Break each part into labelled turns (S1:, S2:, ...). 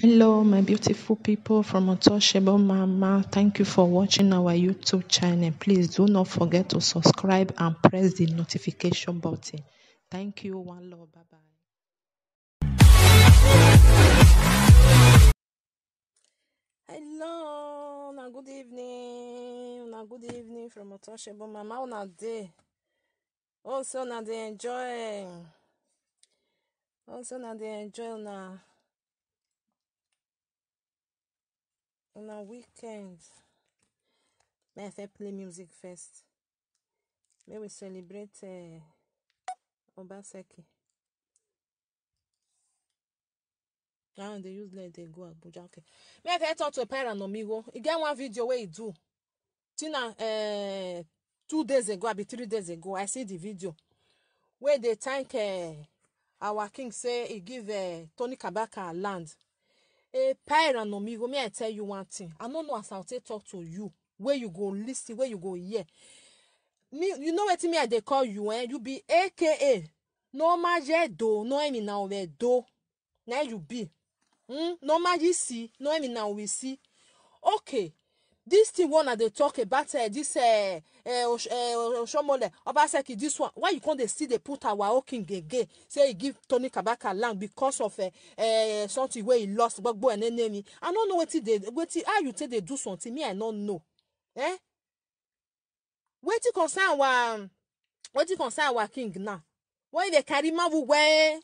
S1: Hello, my beautiful people from Otoshébo Mama. Thank you for watching our YouTube channel. Please do not forget to subscribe and press the notification button. Thank you. One love. Bye bye. Hello, una good evening. Una good evening from Otoshébo Mama. Una day. Also, na day enjoy. Also, na day enjoy. Una. una weekend make i first play music first make we celebrate uh, obaseki that one dey use leg dey go abuja okay make i first talk to paranomigo e get one video wey e do till na uh, eh, two days ago abi three days ago i see the video wey dey thank uh, our king say e give uh, tony kabaka land a parent on me me i tell you one thing i no know as i take talk to you Where you go lis Where you go hear me you know what me i dey call you eh you be aka do, no nomajedo now where do? Now you be hmm nomajisi now we see. okay This thing one una dey talk about uh, dis uh, uh, uh, osomole obaseki this one why you come dey still dey put our own king again say he give tony kabaka land because of uh, uh, something wey he lost gbogbo ene nemi i no know wetin dey wetin how you take dey do something me i no know eh wetin concern our wetin concern our king now when he dey carry mawu wey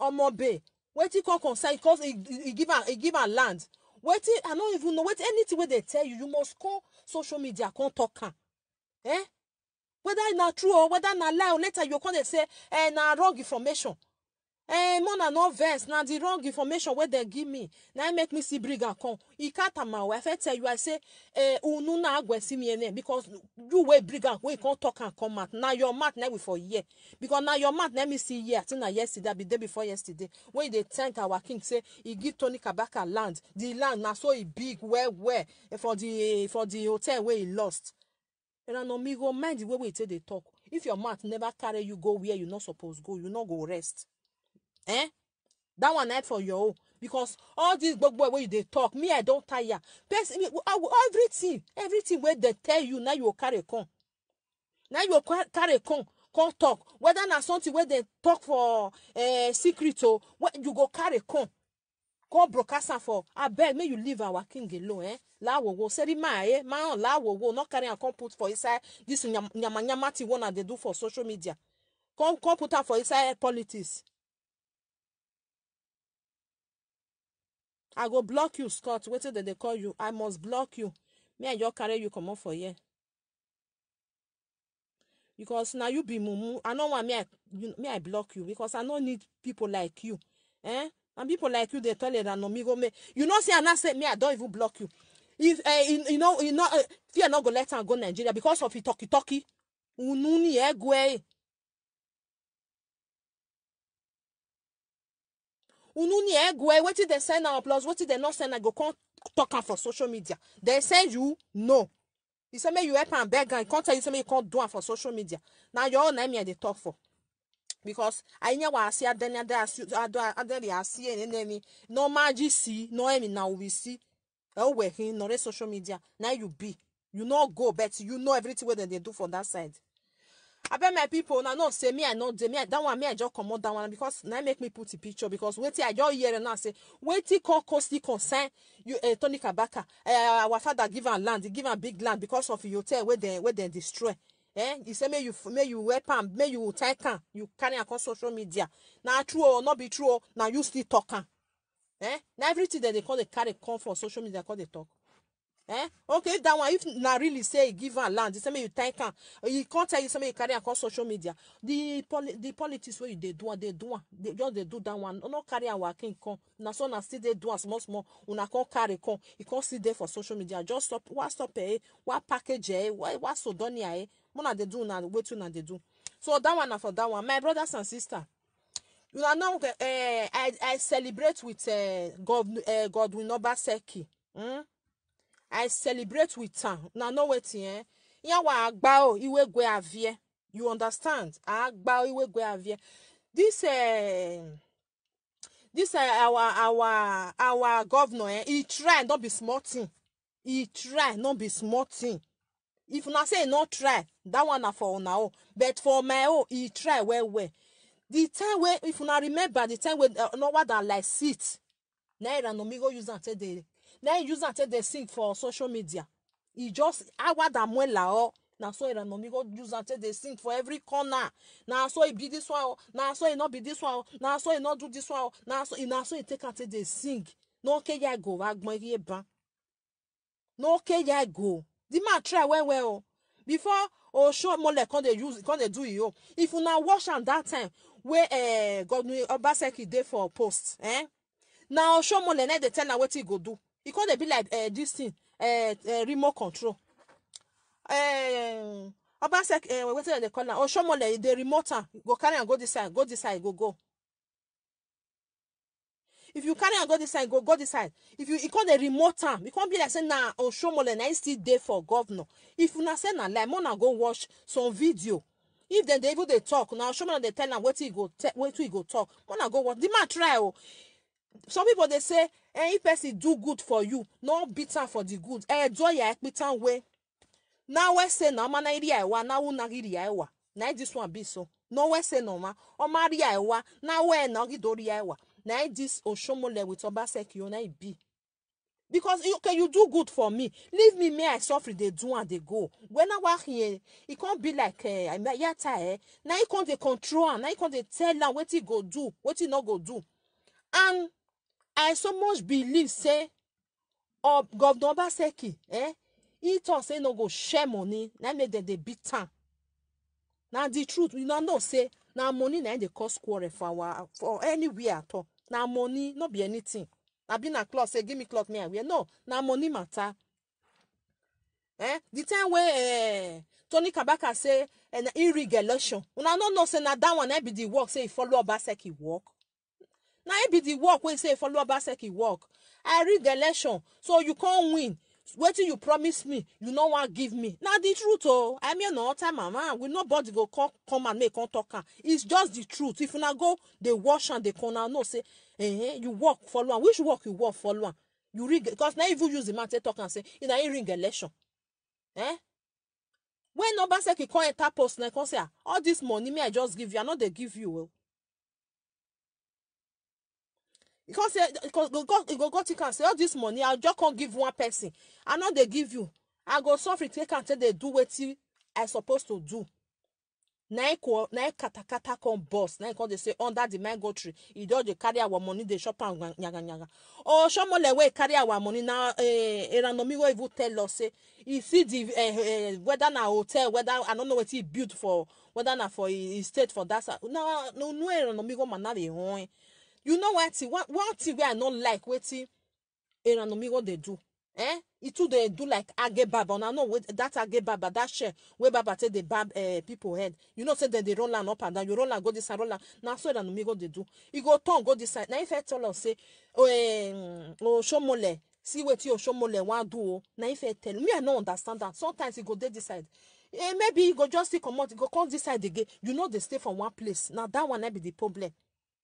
S1: omo bay wetin come concern because he, he, give am he give am land wetin i no even know wetin anything wey dey tell you you must call social media come talk am eh whether na true or whether na lie or later you go come dey say eh na wrong information Eh, mona no vex na the wrong information wey dem give me na make me see briga come e catama o i fit tell you i say eh, unu na si mi ene because you wey briga wey come talk am come out na your mouth na we for hear because na your mouth na me see here i think na yesterday be day before yesterday wey dey thank our king say he give tony kabaka land The land na so e big well well eh, for the for the hotel wey he lost ranamigo mind the way wey e take dey talk if your mouth never carry you go where you no suppose go you no go rest. eh that one night for your own because all this gbogbo wey you dey talk me i don tire person everything everything wey dey tell you na you carry come na you carry come come talk whether na something wey dem talk for eh, secret o you go carry come come broadcast am for abeg make you leave our king alone eh lawowo seri maa eh maa on lawowo no carry am come put for inside this nyama nyama thing wey una dey do for social media come come put am for inside politics i go block you scott wetin dem dey call you i must block you me i just carry you comot for here because na you be mumu i no wan me i me i block you because i no need people like you eh and people like you dey tell it no me go me you know say i na say me i don even block you if uh, you, know you know uh, fear no go let am go nigeria because of e talky talky ununi egwe unu ni near go e, wetin dem send na plus wetin dem not send na e go come talk am for social media dem send you no you say make you help am beg am e come tell you say make you come do am for social media na your own na me i dey talk for because ayinya waasi adani adani asi enemi na ọmaji si na emi na owi si ewehin nore social media na you be you no go but you know everything wey dem dey do for that side abeg my people, una know say me i no dey me I dat one me i just comot dat one because na make me put di picture because wetin i just hear now say wetin come cause the concern you uh, Tony Kabaka uh, our father give am land he give am big land because of the hotel wey dem wey dem destroy eh e say make you make you wear am make you tie am you carry am come social media na true or no be true o na you still talk am eh na everything dem dey come dey carry come for social media come dey talk eh okay that one if na really say e give am land e say make you thank am e come tell you say make you carry am come social media the poli the politics wey you dey do am dey do am dey just dey do that one no carry am wakin come na so una still dey do am small small una come carry come e come still dey for social media just stop wa stop eh wa package eh wa wa sodonia eh una dey do una wetin una dey do so that one na for that one my brothers and sisters una know uh, i i celebrate with uh, eh, god uh, eh, godwin obaseki. Mm? i celebrate with am una know wetin eh yanwa agbao iwe gwe avie you understand agbao iwe gwe avie this eh, this eh, our our our governor eh, e try no be small thing e try no be small thing if una say e no try that one na for una own but for my own he try well well the time wey if una remember the time wey uh, no one than like sit naira no me go use am take dey na him use am take dey sing for social media He just awadamuela Oh, na so iranami e go use am take dey sing for every corner na so he e be this one Oh, na so he no be this one Oh, na so he no do this one Oh, na so he na so he take am take dey sing n'oke ya go agbon ihe No, n'oke ya go the man try well well Oh, before osun omole come dey use come dey do e own if una watch am that time wey eh, godwin obaseki dey for post eh? na osun omole na e dey tell am wetin e go do e come dey be like uh, this thing uh, uh, remote control obasek uh, wetin dem dey call am osomole e dey remote am go carry am go this side go this side go go if you carry am go this side go go this side if you e come dey remote am e come be like say na osomole na e still dey for governor if una say na lie more na go watch some video if dem dey even dey talk na osomole dey tell am wetin e go wetin e go talk more go watch the man try o oh. some people dey say Any person do good for you no bitter for the good ẹjọ ya ekpita we na we say na ọma na iri aiwa na wu na iri aiwa na this one be so no we say no na ọma ọma ri aiwa na we na ogido ri aiwa na this osomole with obaseki ona e be because you okay you do good for me leave me may i suffer They do and they go when i work here it can't be like uh, yata eh Now e can't dey control am na can't come tell Now what e go do What e not go do and I so much believe say uh, Governor Obaseki, eh, he talk say no go share money, na make dem dey beat am. Na the truth, you no know say na money na dey cause quarrel for our for anywhere at all. Na money, no be anything. Na be na cloth say give me cloth me I wear. No, na money matter. Eh, the time wey eh, Tony Kabaka say eh, he rig election, una no know say na that one na be the work say he follow Obaseki work. na e be the work wey say follow obaseki work i rig election so you come win wetin you promise me you no wan give me na the truth o oh, i mean na all time mama we no body go come come and make come talk am it's just the truth if una go dey wash am dey corner know say eh, eh you work follow am which work you work follow am you rig because na even use the man take talk am say na him ring election eh when obaseki come enter post na come say ah all this money me i just give you i no dey give you o oh. you come say you go go you go go take am say all this money i just come give one person i no dey give you i go suffer take am take dey do wetin i suppose to do na e ko na e katakata come burst na e come dey say under the mango tree e don dey carry our money dey chop am yanganyaga oh somole wey carry our money na eranomi eh, eh, wey even tell us say e see the uh, uh, whether na hotel whether i no know wetin e build for whether na for e state for that side na no no eranomi go na dey hon you know what? thing one, one thing wey i no like wetin eranamiwo dey do eh e too dey do like age baba una know wey that age baba that shell wey baba take dey barb uh, people head you know say dem dey roll am up and down you roll am go this side roll am na so eranamiwo dey do e go turn go this side na I tell us say oh, eh, osomole see wetin osomole wan do o na I tell me i no understand am sometimes e go dey this side eh maybe e go just still comot e go come this side again you no dey stay for one place na that one na be the problem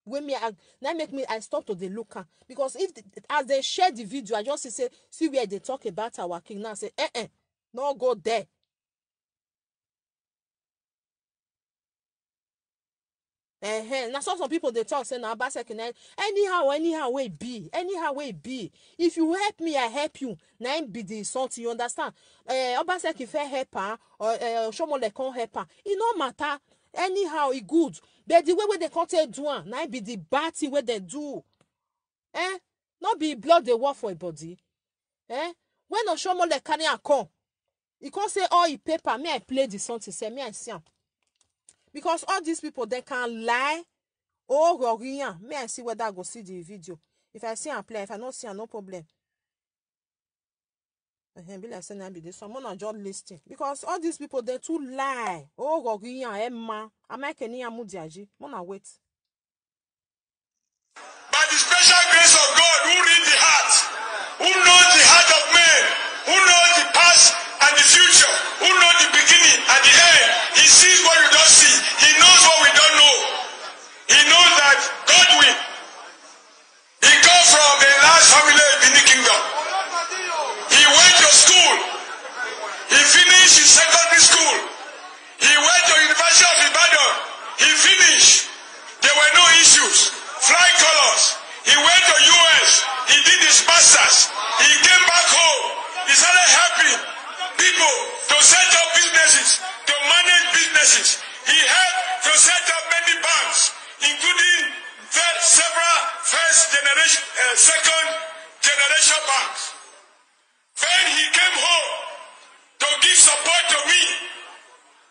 S1: wey me i na make me i stop to dey look am because if as they share the video i just see say see where they talk about our king now say eh eh no go there uh-huh. na some some people dey talk say na obaseki anyhow anyhow wey be anyhow wey be if you help me i help you na im be the insult you understand uh, obaseki fit help am or uh, eh, somole come help am e no matter anyhow e good but the way wey dem come take do am na be the bad thing wey dem do eh no be blood dey work for im e body eh when osomole carry am come e come say all oh, im e paper may i play the something say may i see am because all these people dem can lie oh rori am may i see whether i go see the video if i see am play if i no see am no problem uh-huh. be like say this one una just lis because all these people dey too lie ogogo oh, yan emma amaikeni amudiaji una wait.
S2: by the special grace of God who read the heart who knows the heart of men who knows the past and the future who knows the beginning and the end he sees what we don't see he knows what we don't know he knows that God will he comes from the last family in the kingdom. He went to school. He finished his secondary school. He went to University of Ibadan. He finished. There were no issues. Fly colors. He went to US. He did his masters. He came back home. He started helping people to set up businesses, to manage businesses. He helped to set up many banks, including several first generation, uh, second generation banks. When he came home to give support to me,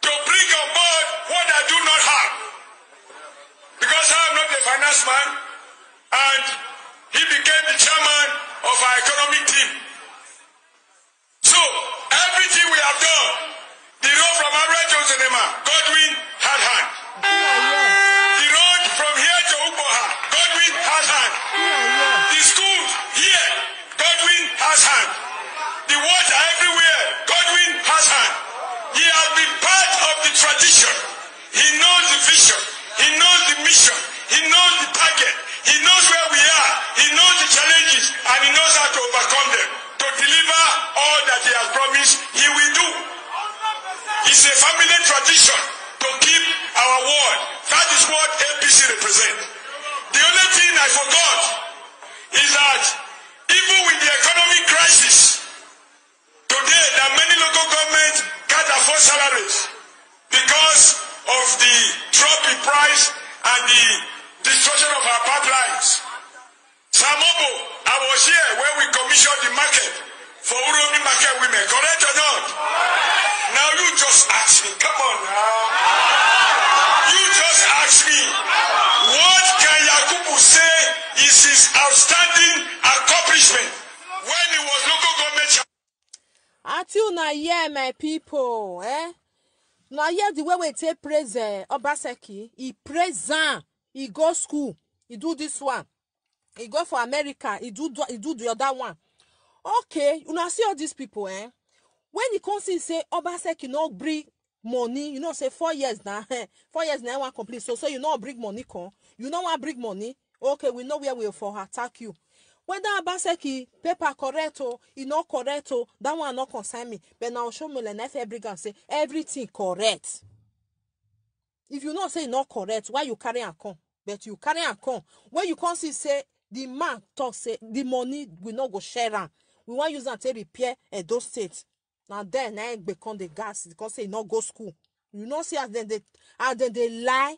S2: to bring on board what I do not have. Because I am not a finance man, and he became the chairman of our economic team. So, everything we have done
S1: wey take praise uh, obaseki e praise am e go school He do this one He go for america He do He do the other one okay una see all these people eh when he come see say obaseki no bring money you know say four years na four years na wan complete so so you no bring money come you no wan bring money okay we know where we for attack you whether abaseki paper correct o e no correct o that one no concern me but na osomole na ife bring am say everything correct if you know say e not correct why you carry am come but you carry am come when you come see say the man talk say the money we no go share am we wan use am take repair edo state na there na im come dey gas because say e no go school you know see as dem dey as dem dey lie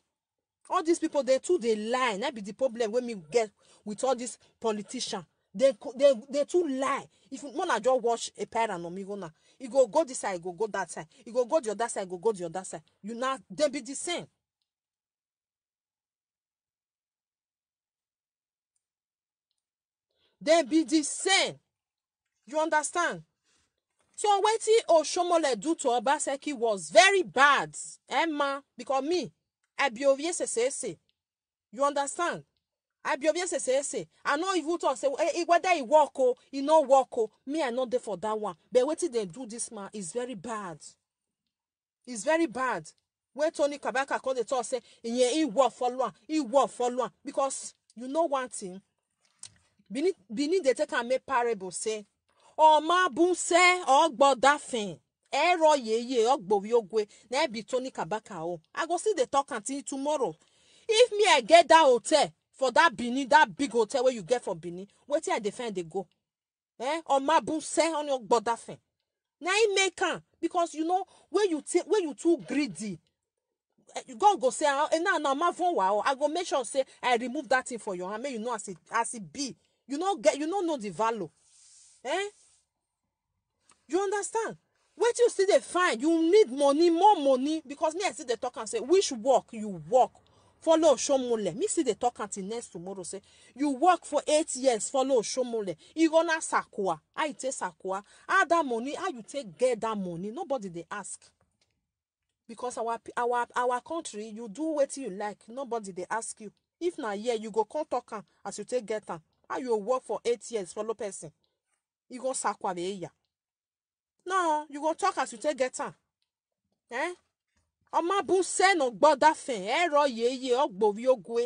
S1: all these people dey too dey lie na be the problem wey me get with all these politicians dey dey dey too lie if una just watch epaira and omigo na e go go this side e go go that side e go go the other side e go go the other side you na dem be the same. dem be the same you understand so wetin osomole do to obaseki was very bad emma because me i be oviesesese you understand abiobia say say say i no even talk say Hey, whether he work o He no work o me i not there for that one but wetin they do this man is very bad It's very bad Where tony kabaka called the talk say ìyẹn e work follow am e work follow am because you know one thing benin benin dey take am make parable say Oh my, boom say that ọmọ abúnṣe ye ẹrọ yeye ọgbọwi oh, ogwe na be tony kabaka o i go see the talk until tomorrow if me i get that hotel for that bini, that big hotel where you get for benin till i dey find go eh On on my your onyogbodafen Now im make am because you know where you take where you too greedy eh, You go say and ah, eh, now now my phone wa I go make sure say i remove that thing for you. I mean you know as it as it be you know get you know know the value eh you understand wetin you see they find you need money more money because me i see they talk and say which work you work follow Oshomole. Me see the talk until next tomorrow. Say you work for eight years, follow Oshomole. You gonna sakwa. I take sakwa. How that money. How you take get that money? Nobody they ask. Because our our our country, you do what you like. Nobody they ask you. If na here, you go come talk as you take get am. How you work for eight years, follow person. You go sakwa be here. No, you go talk as you take get am. Eh? ọmabụsen gbodafe eroyeye ogboriogwe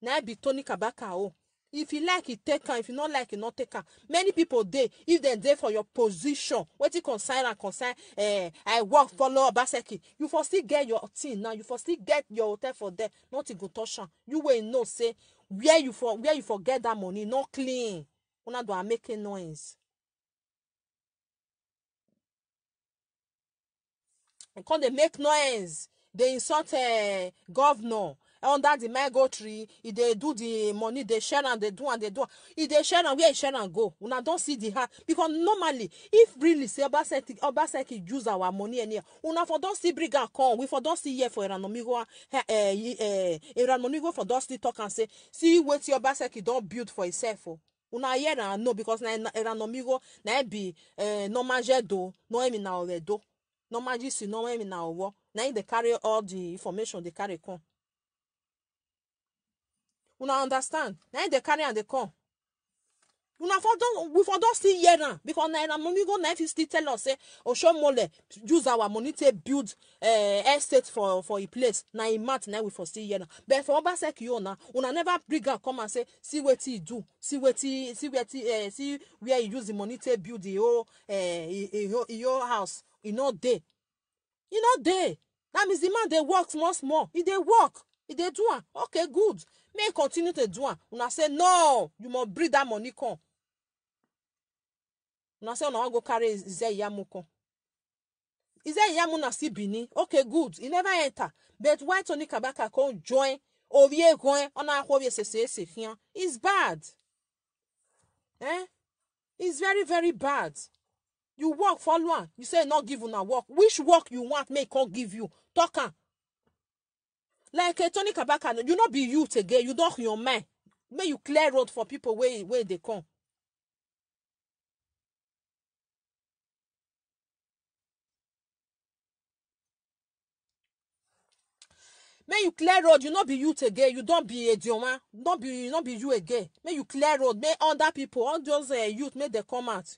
S1: na be tony kabaka o if you like it take am if you no like it no take am many people dey if dem dey for your position wetin concern am concern eh, i work follow obaseki you for still get your thing now you for still get your hotel for there nothing go touch am you wey know say where you for where you for get that money no clean una don make noise come dey make noise dey insult eh, governor under di mango tree e dey do di money dey share am dey do am dey do am e dey share am where e share am go una don see di heart. because normally if really say obaseki use our money anyhow una for don see bring am come we for don see hear for iranomigwa eh, eh, ha for don still talk am say see wetin obaseki don build for himself o oh. una hear am no because na iranomigwa na be na noemi na omia normal gist normal emi na owo na im dey carry all the information dey carry come una understand na im dey carry am dey come una for don we for don see here now because naira money go na fit still tell us say osomole use our money take build uh, estate for for a place na e mat na we for see here now but for obasekiyo na una never bring am come and say see wetin he do see wetin see wetin uh, eh, see where e use the money take build e whole uh, whole house e no dey e no dey that means the man dey work small small e dey work e dey do am okay good May continue to do am una say no you must bring that money come unasema unawanga carry ize yamuko ize yamu na si bini okay good he never enter but why tony kabaka come join ovie gwen ona akwobie sesese hian is bad eh is very very bad you work follow am you say not give una work which work you want make come give you talk am like uh, tony kabaka you no be youth again you don your mind make you clear road for people wey wey dey come May you clear road you no be youth again you don be edioma no be You no be you again May you clear road May other people, all those uh, youth may dem come out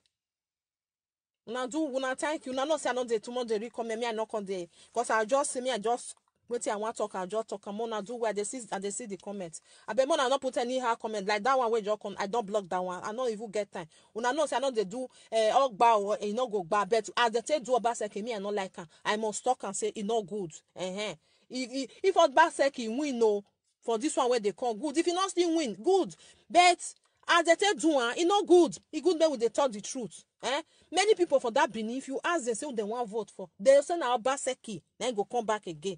S1: una do una thank you una know say i no dey too much dey recall me me i no come dey Cause i just say me i just wetin i wan talk i just talk am una do well i dey see i dey see the comment abeg mona no put any anyhow comment like that one wey just come i don block that one i no even get time una know say i no dey do ọgba uh, or e no go gba but as dey take do obaseki me i no like am i must talk am say e no good. Uh -huh if if Obaseki win o oh, for this one wey dey come good if e no still win good but as dem take do am e no good e good make we dey talk the truth eh many people for that benin if you ask them say who dem wan vote for dem say na obaseki na im go come back again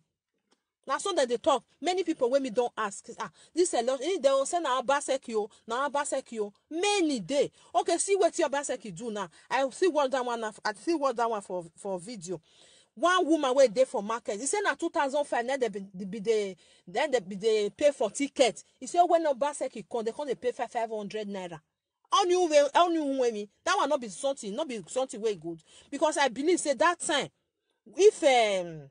S1: na so dem dey talk many people wey me don ask ah this election dem say na obaseki o oh, na obaseki o oh. many dey okay see wetin obaseki do now i see watch that one i see watch that one for for video one woman wey dey for market He say na two thousand five na dem be dey dem be dey pay for ticket He say when obaseki come dem come dey pay five five hundred naira onye that one no be something no be something wey e good because i believe say that time if um,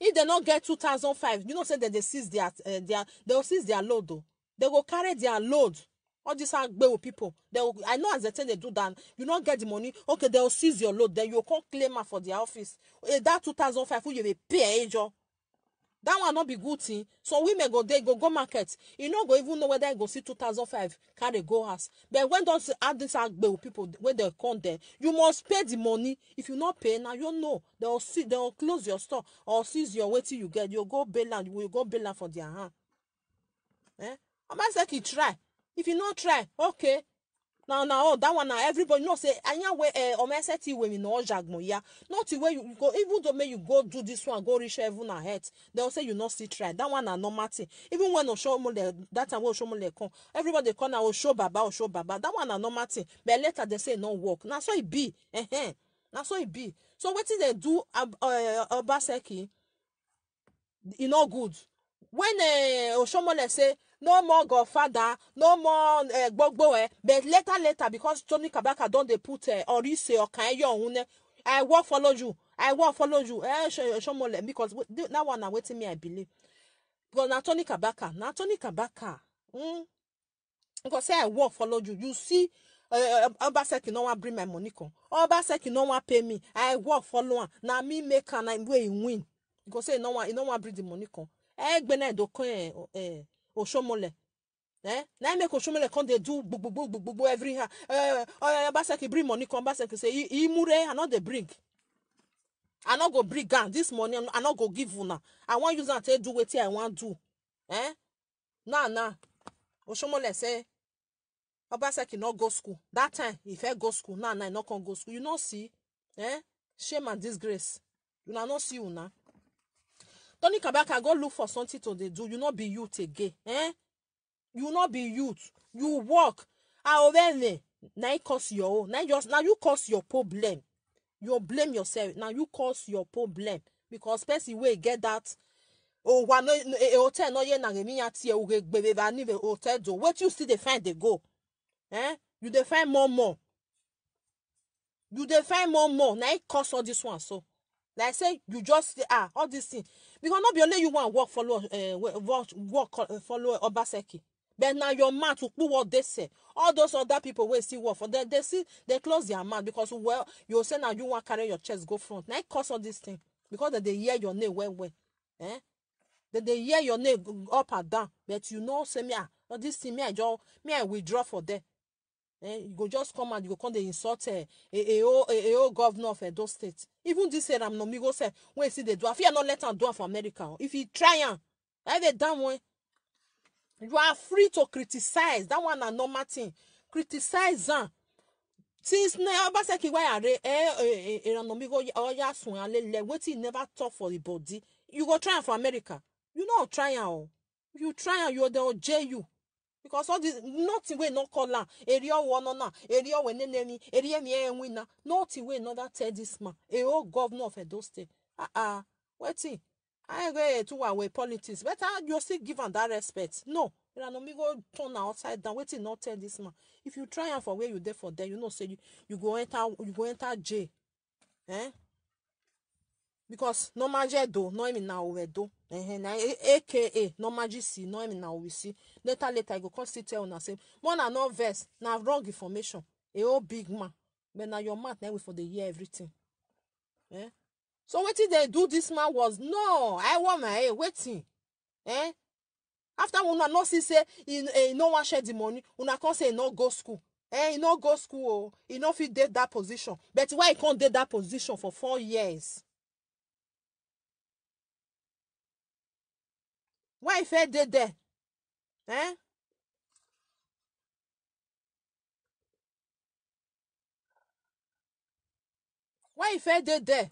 S1: if dem no get two thousand five you know say dem dey seize their uh, their dem go seize their load o dem go carry their load all these agbewo people they will, i know as they tell they do that you not get the money okay they will seize your load then you come claim am for their office eh, that 2005 wey you dey pay ejo eh, that one no be good thing some women go dey go go market e no go even know whether e go see two thousand 2005 carry go house but when don add this agbewu people wey dey come there you must pay the money if you no pay na you know they will see they will close your store or seize your wetin you get you go bail am you go bail am for their hand eh obaseki try if you no try okay na na all that one na everybody know say anya wey eh ọmọ ẹsẹ ti ìwé mi na ọjà gbọn ya not the you go even though may you go do this one go reach heaven and earth dem say you no still try that one na normal thing even when osomole that time wey osomole come everybody call na oso baba oso baba that one na normal thing but later they say e no work na so e be eh na so e be so wetin dem do eh, obaseki e no good when eh, osomole say no more godfather no more eh, gbogbo eh but later later because tony kabaka don dey put eh, orise okanyo ohune i wan follow you i wan follow you eh shomole because that one na wetin me i believe because na tony kabaka na tony kabaka hmm because say i wan follow you you see eh, obaseki no wan bring my money come obaseki no wan pay me i work follow am na me make am na wey e win go say e no wan bring the money come egbena edokan Oshomole. Eh? na I make osomole come dey do bu everywhere bu bu every ha. Eh, eh, oh, Basaki bring money come Basaki say imure I not dey bring. I not go bring am this money. I not go give una. I wan use am to do wetin I wan do. Eh? na nah. osomole say Obaseki no go school. That time if I go school, nah na I no come go school. You no see? Eh? Shame and disgrace. You no see una. Tony Kabaka go look for something to do. You not be youth again. Eh? You not be youth. You work. Aorene. Ah, oh, eh, now you cause your own. Now you, now you cause your problem. You blame yourself. Now you cause your problem. Because person will get that. Oh, one eh, eh, hotel no yen and me at you hotel do. What you see the find they go. Eh? You dey find more more. You dey find more more. Now it cause all this one so like say you just say ah all this thing because no be only you wan work follow uh, work, work uh, follow obaseki but na your mouth to put what they say all those other people wey still work for them they see they close their mouth because well you say na you wan carry your chest go front na cause all this thing because dem dey hear your name well well eh dem dey hear your name up and down but you know say me ah all this thing me i just me i withdraw for there eh, you go just come and you go come dey insult eh, a a o governor of edo state even dis year amnomigo say wey still dey do am fear no let am do am for america if e try am like dey down one you are free to criticize that one na normal thing criticize am since na obaseki wayare eh eh, eh, eh amnomigo oya sun alele wetin e never talk for e body you go try am for america you no try am o oh. you try am you dey jail you because all this nothing wey no call am eri owo no na eri owo nene mi eri emi enwi na nothing wey another tell this man a whole governor of Edo State ah ah wetin i go to wa wey politics better you still give am that respect no no Iranomigho go turn am upside down wetin no tell this man if you try am for where you dey for there you know say you, you go enter you go enter jail eh because Nomaji Edo no emi na Owedo eh na aka Nomaji si no emi na Owisi later later I go come still tell una say more na no verse na wrong information a whole big man but na your mouth na we for dey hear everything eh so wetin dey do dis man was no I want my hey wetin eh after una no see say he he no wan share the money una come say e no go school eh He no go school Oh, he no fit dey that position but why he come dey that position for four years wife ẹ dey there eh? wife ẹ dey there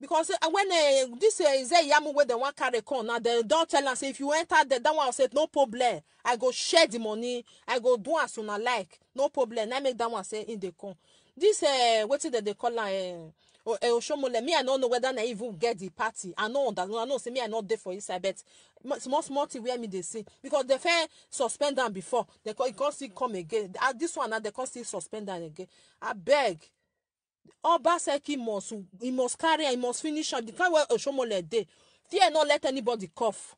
S1: because uh, when uh, this uh, eh, Zeyamu wey dem wan carry come now dem don tell am say if you enter there that one say no problem i go share the money i go do as una like no problem na make that one say im dey come this uh, wetin dem dey call am uh, osomole me i no know whether na even get the party i no understand i know say me i no dey for inside but small small thing where me dey see because dem fair suspend am before dem e con e still come again ah this one na dem con still suspend am again abeg obaseki must he must carry am he must finish am the kind wey osomole dey fear no let anybody cough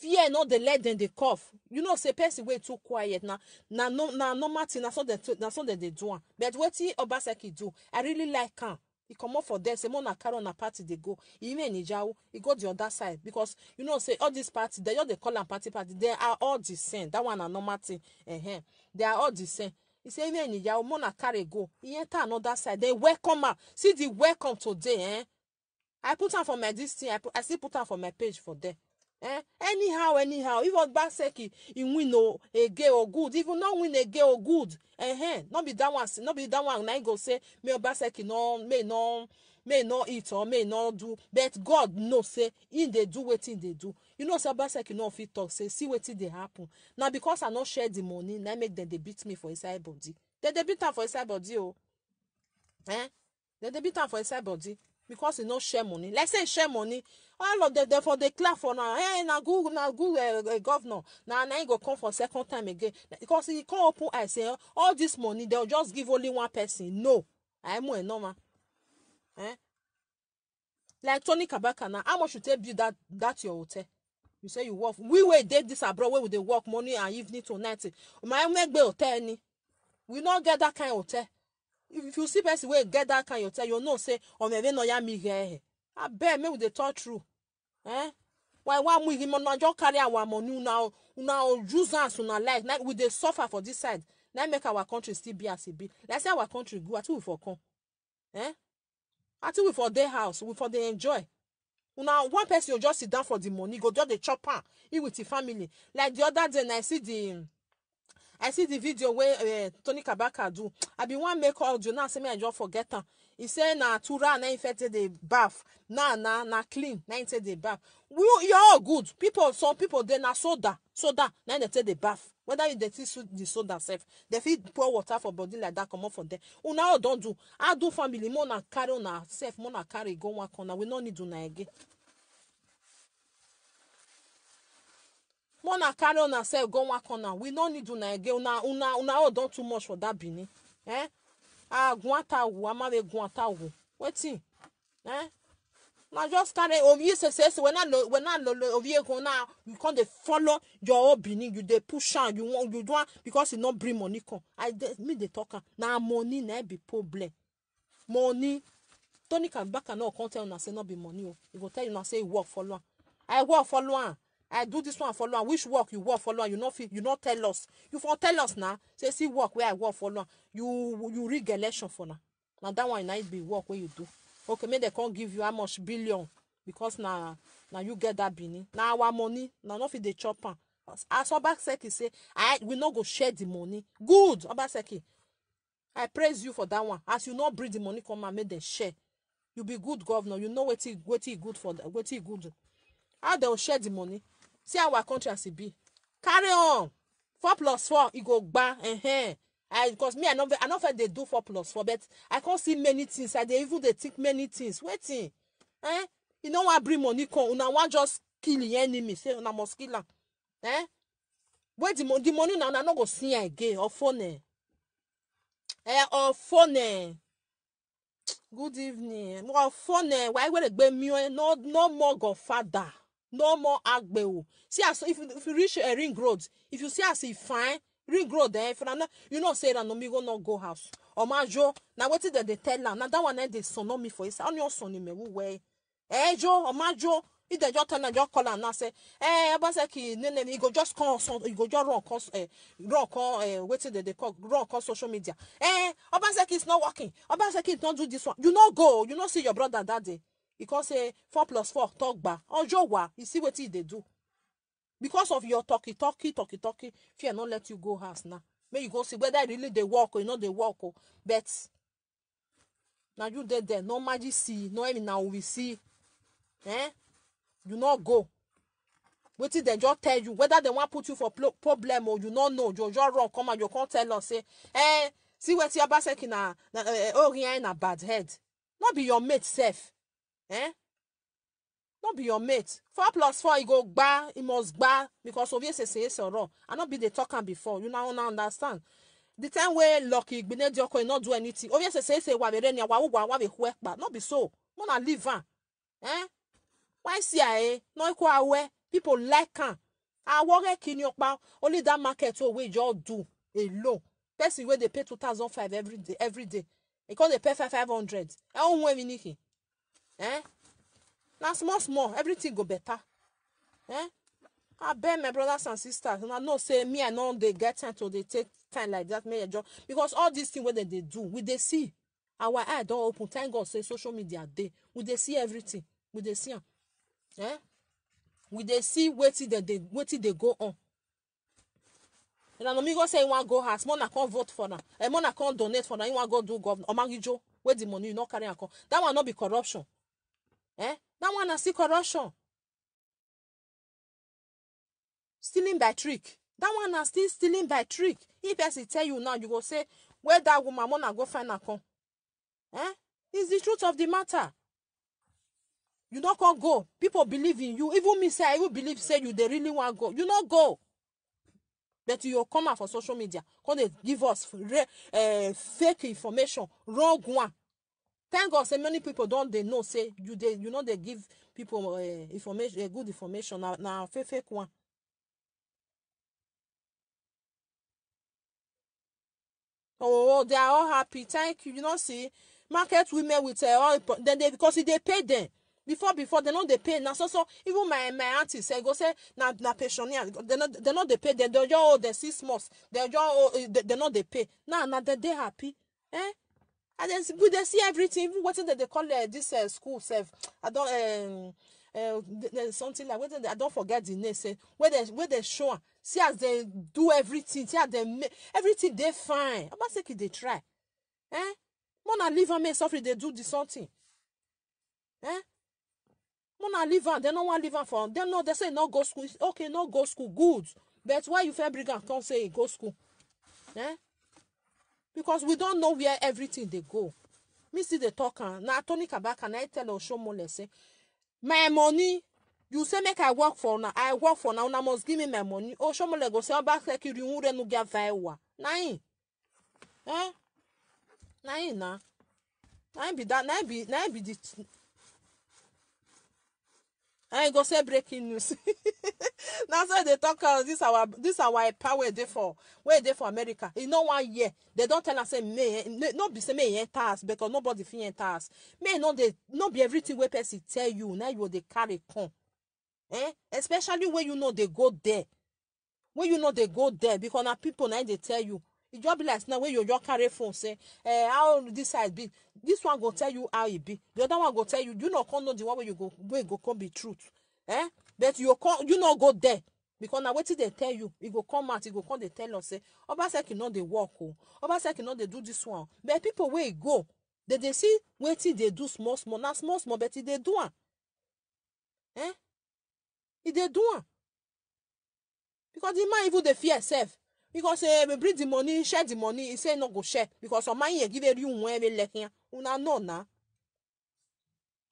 S1: fear no dey let dem dey cough you know say person wey too quiet na na no na normal thing na so dem na so dem dey do am but wetin obaseki do i really like am e comot for there say una carry una party dey go e remain nijawo e go the other side because you know say all this party dem just dey call am party party they are all the same that one na normal thing uh -huh. they are all the same e say remain nijawo mona carry go e enter another side they welcome am see the welcome today eh? i put am for my this thing i, put, I still put am for my page for there Eh? Anyhow, anyhow, even Banseki, he win oh, again or good. Even no win again or good. Eh, eh. Not be that one, not be that one. Now go say, may Banseki no, may no, may no eat or may no do. But God no say, in they do wetin they do. You know, say Banseki no fit talk, say, see wetin dey happen. Now because I no share the money, now make them they beat me for inside body. Then they beat am for inside body, oh. Eh? Then they beat am for inside body because he no share money. Let's say share money all of them dem for dey clap for now hey na good na good eh, eh, governor na na him go come for second time again because e come open eye say eh, all this money dem just give only one person no aimu enoma eh like tony kabaka na how much you take build that that your hotel you say you work we wey dey this abroad wey we dey work morning and evening to night my megbe hotel ni we no get that kind of hotel if you see person wey get that kind of hotel you know say ọmọ ẹ̀rẹ́ náà yá mi abeg make we dey talk true eh why one week una just carry our money una una use as una like na we dey suffer for this side na make our country still be as e be like say our country good ati we for come eh ati we for dey house we for dey enjoy una one person go just sit down for the money go just dey chop am he with him family like the other day na i see the i see the video wey uh, Tony Kabaka do i bin wan make audio now say make i just forget am ise na two run na infected dey baff na na na clean na him take dey baff we you all good people some people dey na soda soda na him dey take dey baff whether you dey still suit the soda sef dey fit pour water for body like that comot for there una all don do ado family more na carry una sef more na carry go one corner we no need una again. more na carry una sef go one corner we no need una again una una una all don too much for that benin eh agụn ah, atawu amaghị egwu atawu wetin eh na just carry omi you say say say when i know when i know omi ego now you come dey follow your own benin you dey push am you wan you don because you no bring money come i dey me dey talk am na money na e be problem money tony kabaka no come tell una say no be money o oh. he go tell una say He work follow am i work follow am i do this one follow am which work you work follow am you no fit you no tell us you for tell us na say see work wey i work follow am you you rig election for na na that one na it be work wey you do okay make dem come give you how much billion because na na you get that benin na our money na no fit dey chop am as obaseki say i we no go share the money good obaseki i praise you for that one as you no bring the money come out make dem share you be good governor you know wetin wetin e good for wetin e good how dem share the money see how our country as e be carry on four plus four e go gba -huh. i because me i no i no fit dey do four plus four but i come see many things i dey even dey think many things wetin eh e no wan bring money come una wan just kill im enemy say una must kill am eh wey the, the money na una no go see am again or phone eh or phone eh good evening or phone eh Why wàá wẹrẹ gbẹmí ọ no no more godfather no more agbewu see as if, if you reach a ring road if you see as e fine ring road eh if na you know say ranomigo no go house omajo na wetin dem dey tell am na that one eh, dey sonomi for inside onion soni mewu well eh jo omajo if dem just tell am just call am now say eh obaseki nene e go just come so e go just run come eh run come eh wetin dem dey call run come social media eh obaseki is not working obaseki don do this one you no go you no see your brother that day because say eh, four plus four talk ba. gba ojowa you see wetin e dey do because of your talky talky talky talky fear no let you go house now make you go see whether e really dey work or e no dey work o but na you dey there no magic see no any na we see eh you no go wetin dem just tell you whether dem wan put you for problem or you no know you just run come out you come tell us say eh see wetin obaseki na na eh, eh orien oh, na bad head no be your mate sef eh? no be your mate four plus four e go gba e must gba because ovie seseye sọrọ i no be dey talk am before you now now understand the time wey lucky igbine dioko e no do anything ovie seseye se wabere ni awawugwa awawe hu ekpa no be so mo na leave am eh? why see aye no equal awe people like am awore kini opa only that market wey we just do alone person wey dey pay two thousand five every day every day e come dey pay five five hundred ẹ ohun emi niki eh na small small everything go better eh abeg my brothers and sisters una know say me i no dey get time to dey take time like that make i just because all these thing wey dem dey do we dey see our eye don open thank god say social media dey we dey see everything we dey see am eh we dey see wetin dem dey wetin dey go on no me nomigo say e wan go house mona come vote for am eh mona come donate for am e wan go do governor omagijo wey the money you no carry am come that one no be corruption Eh? That one is see corruption. Stealing by trick. That one is still stealing by trick. If I tell you now, you go say, where that woman wanna go find a con? Eh? It's the truth of the matter. You don't come go. People believe in you. Even me say, I will believe say you they really want go. You not go. But you come out for social media. Come they give us uh, fake information, wrong one. Thank God, so many people don't they know say you they you know they give people uh, information, eh, good information. Now, now fake fake one. Oh, they are all happy. Thank you. You know, see, market women with uh, all then they because they pay them. Before, before they know they pay now. So, so even my my auntie say go say na na pensioner. They not they not they pay. They they just owe oh, the six months. They just oh, they, they not they pay. Now now they they happy. Eh? and then you dey see everything even wetin dem dey call uh, this uh, school sef i don um, uh, something like wetin i don forget the name say wey dem wey dem show am see as dem do everything see as dem make everything dey fine obaseki dey try eh mona leave am make suffering dey do the something eh mona leave am dem no wan leave am for am dem no dey say e no go school okay no go school good but why you fit bring am come say e go school eh because we don't know where everything dey go me still dey talk am ah, na tony kabaka na i tell osomole say my money you say make i work for una i work for una una must give me my money osomole go say ọba sekiri nwure nu gya vaiwa na im eh na im na na im be that na im be na im be the I go say breaking news na so dey talk am uh, this our this our power. wey dey for wey dey for america e no wan hear dey don tell am say may no be say may e enter house because nobody fit enter house may no dey no be everything wey person tell you na you go dey carry come eh especially when you no dey go there when you no dey go there because na people na dey tell you e just be like now wey you just carry phone say eh how this side be this one go tell you how e be the other one go tell you you no come know the one wey you go wey e go come be truth eh but you come you no go there because na wetin dey tell you e go come out e go come dey tell us say obaseki no dey work o oh. obaseki no dey do this one but people wey e go dey dey see wetin dey do small small na small small but e dey do am eh e dey do am because the man even dey fear sef because e be bring the money share the money e say no go share because some man here give you one every lekin una know na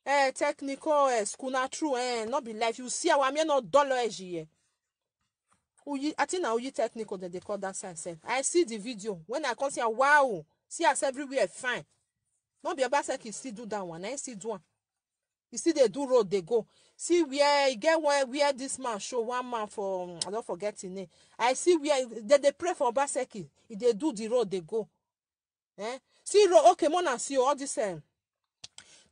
S1: eh technical eh school na true eh no be life you see our me no dollar eji eh, eh. Uyi, I think now you technical that they call that side self. I see the video. When I come see, wow, see us everywhere fine. No be about like he still do that one. I still do one. He still they do road, they go see where e get one where this man show one man for um, i don forget him name i see where dem dey pray for obaseki e dey do the road dey go eh see road okay Mona. see all this um,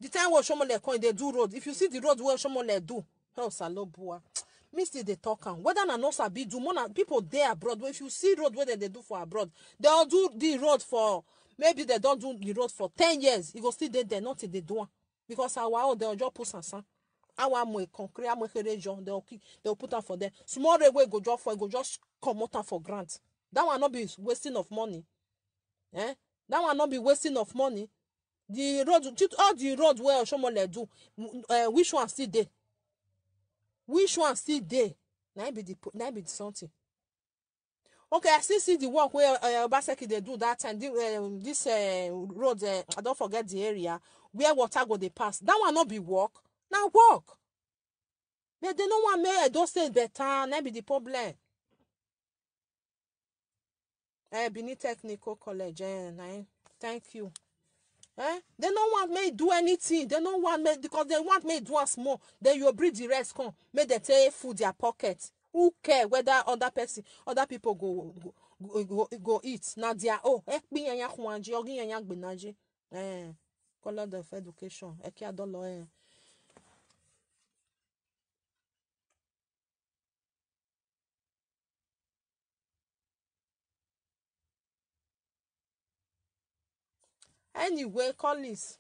S1: the time wey osomole come e dey do road if you see the road wey osomole do hell salobua me still dey talk am whether na no sabi do Mona people dey abroad but if you see road wey dem dey do for abroad dem do the road for maybe dem don do the road for ten years e go still dey there nothing dey do am because our own dem ojo put sansan awa mo concrete amo here john they will keep, they will put am for there small rate wey go drop for go just comot am for grant that one no be wasting of money eh that one no be wasting of money the road all the road wey osomole do uh, which one still dey which one still dey na be the na be the something okay i still see the work wey uh, obaseki dey do that time the, um, this uh, road uh, i don forget the area where water go dey pass that one no be work na work but dem no wan make edo state beta na be the problem eh, benin technical college eh, na, thank you eh? dem no wan make do anything dem no wan make because dem want make do am small then you bring the rest come make dem take full their pocket who care whether other person other people go go go, go, go eat na their own ẹ pín yẹn yẹn kun àjẹ ọgí yẹn yẹn gbìnàjẹ kọlọdọ of education Eki eh, kí adọlọ ẹ. Eh. anyway Collins,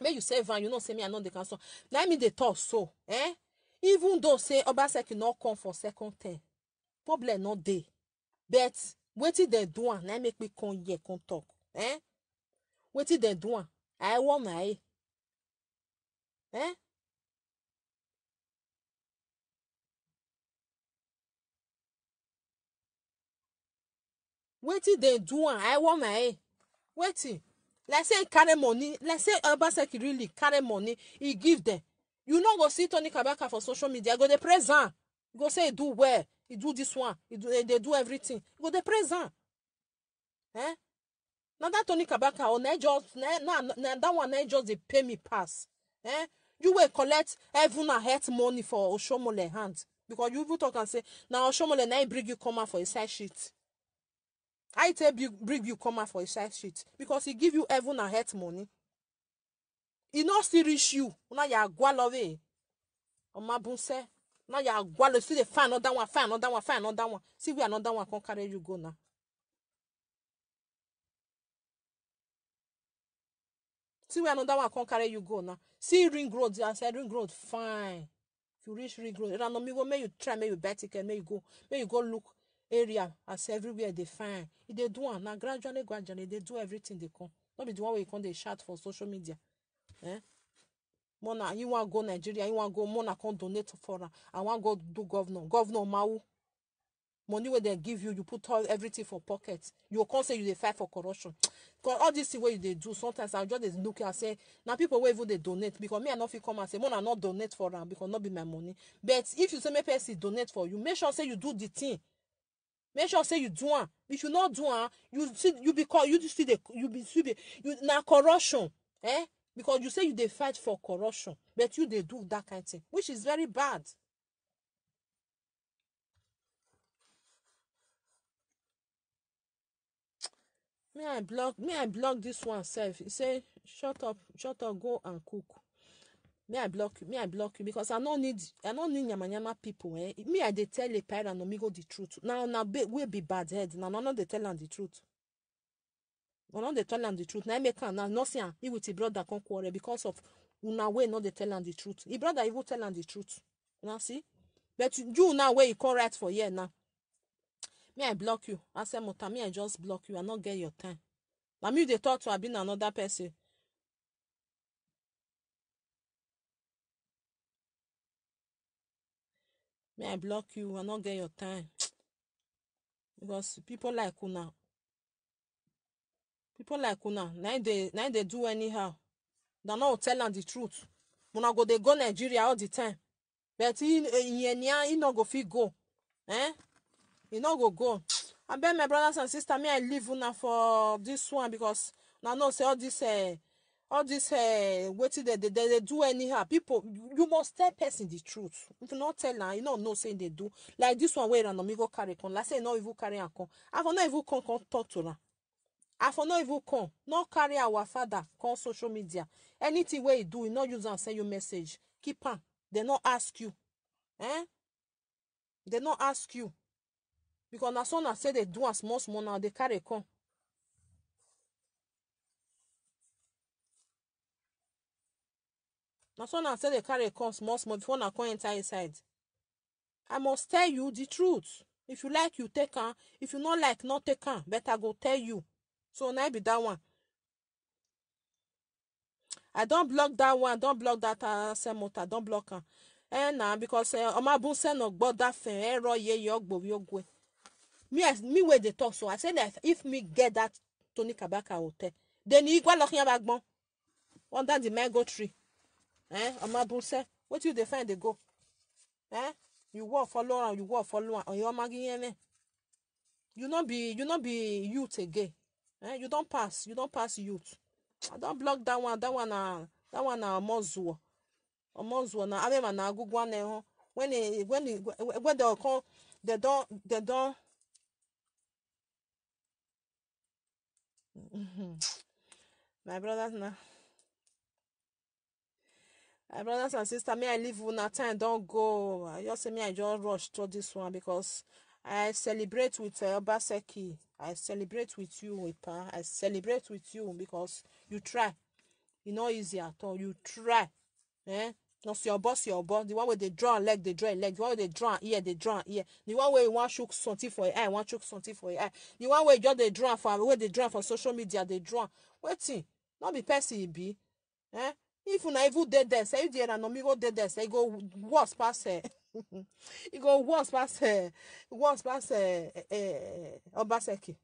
S1: make you save am you know say me i no dey cancel na me dey talk so eh even though say obaseki no come for second term problem no dey but wetin dem do am na make me come here come talk eh wetin dem do am i wan my eye eh wetin dem do am i wan my eye wetin let's say e carry money let's say obaseki really carry money He give them. you no go see tony kabaka for social media go dey praise am go say he do well he do this one He e dey do everything go dey praise am eh na that tony kabaka or na just na na na that one na just dey pay me pass eh you wey collect heaven and earth money for osomole hand because you even talk am say na osomole na him bring you come out for inside shit i tell bring you come out for inside street because e give you heaven and earth money e no still reach you na ya agwalowe omabunse na ya agwalo still dey find another one find another one find another one see where another one come carry you go now. see where another one come carry you go now see ring road i said ring road fine if you reach ring road ranomi go make you try make you buy ticket make you go make you go look area as everywhere dey fine e dey do am na gradually gradually e dey do everything dey come no be the one wey you come dey shout for social media eh mona you wan go nigeria you wan go mona come donate for am i wan go do governor governor mawu money wey dem give you you put all everything for pocket you go come say you dey fight for corruption because all this thing wey you dey do sometimes i just dey look am say na people wey even dey donate because me i no fit come and say mona no donate for am because no be my money but if you say make person donate for you make sure say you do the thing make sure say you do am if you no do am you still you be call you still dey you be still be you na corruption eh because you say you dey fight for corruption but you dey do that kind thing which is very bad. me i block me i block this one sef he say shut up shut up go and cook may i block you may i block you because i no need i no need yamayama people. eh me i dey tell lepere and go the truth now una wey be bad head Now una no dey tell am the truth No, no dey tell am the truth na im make am now no see him. Ah, he with im brother come quarrel because of una way no dey tell am the truth im brother even tell am the truth una see but you now wey you come write for here now me i block you I say asemuta me i just block you i no get your time na me you dey talk to abi na another person may i block you i no get your time because pipo like una pipo like una na im dey do anyhow na no go tell am the truth una go dey go nigeria all the time but iyenia he no go fit go eh e no go go abeg my brothers and sisters may i leave una for dis one because na no say all dis eh all this uh, wetin they they they do anyhow people you must tell person the truth if you no tell now, you no know say e dey do like this one where wey ranamigo carry con. like say e no even carry am con. i for no even come con talk to am i for no even come no carry our father con social media anything where you do you e not use and send you message keep on. They not ask you eh They not ask you because na so na say they do as small small now dey carry con. na so na say dey carry come small small before una come enter inside i must tell you the truth if you like you take am if you no like no take am but i go tell you so na e be that one i don block that one don block that uh, motor don block am eh na because ọmọ abúnsẹ náà gbọ́ dáfẹ́ ẹ eh, rọ iye yẹ ọgbọ̀wé ogwe me as me wey dey talk so i say that if me get that Tony Kabaka hotel then igwa lọ́kìyàn bá gbọ́n under the mango tree eh mama bunse what you dey find dey go eh you work follow am you work follow am oyo magi yene you no be you no be youth again eh you don pass you don pass youth i don block that one that one na that one na omozuo omozuo na abema na na ịhụ when they when when they come they don they don my brothers my uh, brothers and sisters may i leave una time Don't go i uh, just say may i just rush through this one because i celebrate with uh, obaseki i celebrate with you ipa i celebrate with you because you try You e know, easy at all you try eh Not your boss your boss the one where they draw am leg They draw am leg the one where they draw am ear dey draw am ear the one where you want to chook something for your e eye Want to chook something for your e eye the one where you just dey draw for Where they draw for social media They draw am wetin no be person be eh if una even dey there say if the enamigo dey there say e go worse pass e go worse pass worse pass obaseki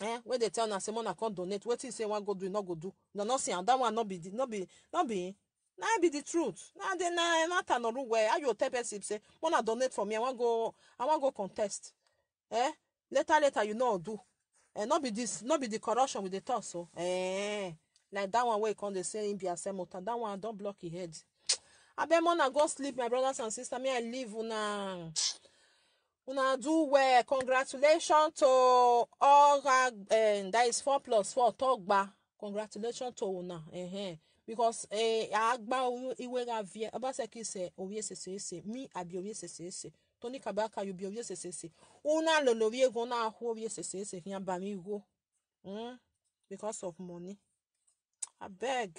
S1: eh wey dey tell na say mona come donate wetin say wan go do e no go do una no see am that one no be no be no be na be the truth na dey na matter no rule well how you tell person say mona donate for me i wan go i wan go contest eh later later you no do eh no be this no be the corruption we dey talk so eh like that one where e come dey say in be asemota That one don't block him head I abeg mona go sleep my brothers and sisters Me, i leave una una do well congratulations to all uh, that is four plus four Talk ba. congratulations to una uh-huh. because eh, agba iwera vie obaseki se orie sese ese mi abi orie sese ese tony kabaka you be orie sese ese una lolo orie ego na ahụ orie sese ese ya ba mi go mm? because of money. Abeg